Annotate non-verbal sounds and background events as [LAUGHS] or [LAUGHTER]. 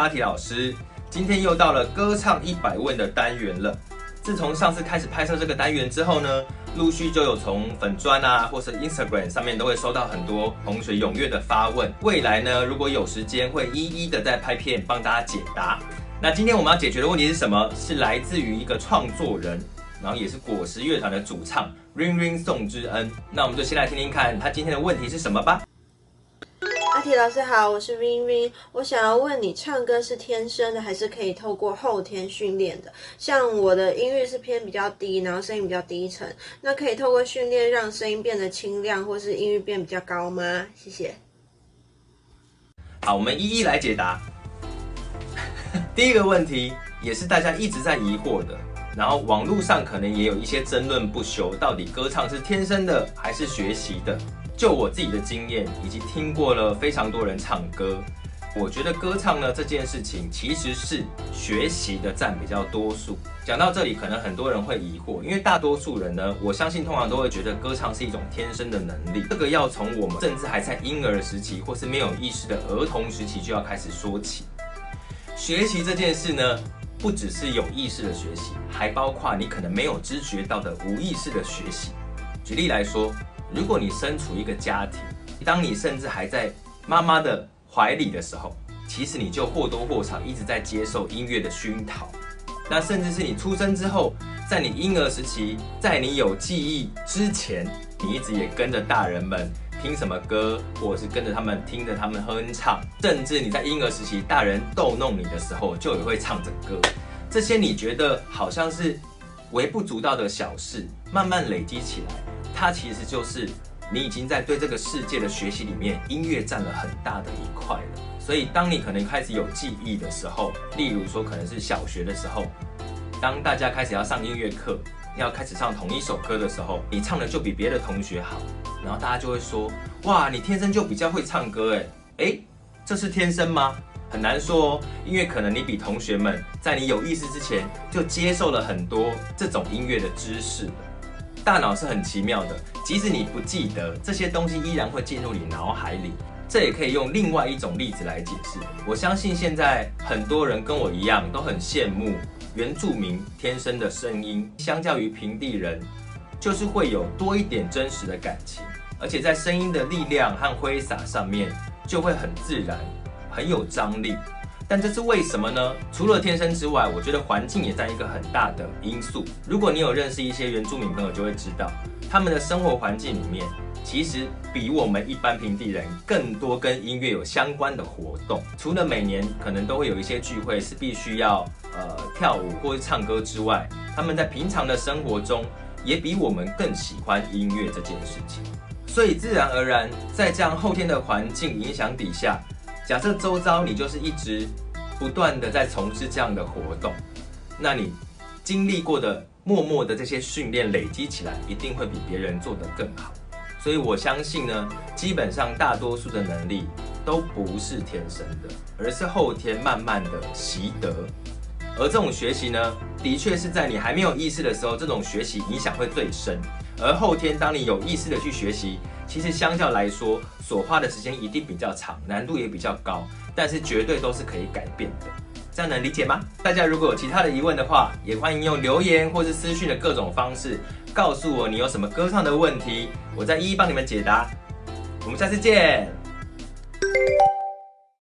阿堤老師，今天又到了歌唱一百問的單元了。自從上次開始拍攝這個單元之後呢，陸續就有從粉專啊，或是 Instagram 上面都會收到很多同學踴躍的發問。未來呢，如果有時間，會一一的再拍片幫大家解答。那今天我們要解決的問題是什麼？是來自於一個創作人，然後也是果實樂團的主唱 Ring Ring 宋知恩。那我們就先來聽聽看他今天的問題是什麼吧。阿堤老師好，我是 RingRing，我想要問你，唱歌是天生的，還是可以透過後天訓練的？像我的音域是偏比較低，然後聲音比較低沉，那可以透過訓練讓聲音變得清亮，或是音域變比較高嗎？謝謝。好，我們一一來解答。 [LAUGHS] 第一個問題。也是大家一直在疑惑的，然後網絡上可能也有一些爭論不休，到底歌唱是天生的還是學習的？就我自己的經驗，以及聽過了非常多人唱歌，我覺得歌唱呢這件事情其實是學習的佔比較多數。講到這裡，可能很多人會疑惑，因為大多數人呢，我相信通常都會覺得歌唱是一種天生的能力，這個要從我們甚至還在嬰兒時期，或是沒有意識的兒童時期就要開始說起，學習這件事呢。不只是有意識的學習，還包括你可能沒有知覺到的無意識的學習。舉例來說，如果你身處一個家庭，當你甚至還在媽媽的懷裡的時候，其實你就或多或少一直在接受音樂的熏陶。那甚至是你出生之後，在你嬰兒時期，在你有記憶之前，你一直也跟着大人們。聽什麼歌，或是跟着他們聽着他們哼唱，甚至你在嬰兒時期，大人逗弄你的時候，就也會唱着歌。這些你覺得好像是微不足道的小事，慢慢累積起來，它其實就是你已經在對這個世界的學習裡面，音樂佔了很大的一塊了。所以，當你可能開始有記憶的時候，例如說可能是小學的時候。當大家開始要上音樂課，要開始唱同一首歌的時候，你唱的就比別的同學好，然後大家就會說：哇，你天生就比較會唱歌耶！誒，誒，這是天生嗎？很難說哦，因為可能你比同學們在你有意識之前就接受了很多這種音樂的知識。大腦是很奇妙的，即使你不記得這些東西，依然會進入你腦海裡。這也可以用另外一種例子來解釋。我相信現在很多人跟我一樣都很羨慕原住民天生的聲音，相較於平地人，就是會有多一點真實的感情，而且在聲音的力量和揮灑上面就會很自然，很有張力。但這是為什麼呢？除了天生之外，我覺得環境也佔一個很大的因素。如果你有認識一些原住民朋友，就會知道，他們的生活環境裡面，其實比我們一般平地人更多跟音樂有相關的活動。除了每年可能都會有一些聚會是必須要呃跳舞或者唱歌之外，他們在平常的生活中也比我們更喜歡音樂這件事情。所以自然而然，在這樣後天的環境影響底下。假設周遭你就是一直不斷的在從事這樣的活動，那你經歷過的默默的這些訓練累積起來，一定會比別人做得更好。所以我相信呢，基本上大多數的能力都不是天生的，而是後天慢慢的習得。而這種學習呢，的確是在你還沒有意識的時候，這種學習影響會最深。而後天當你有意識的去學習。其實相較來說，所花的時間一定比較長，難度也比較高，但是絕對都是可以改變的。這樣能理解嗎？大家如果有其他的疑問的話，也歡迎用留言或是私訊的各種方式告訴我你有什麼歌唱的問題，我再一一幫你們解答。我們下次見。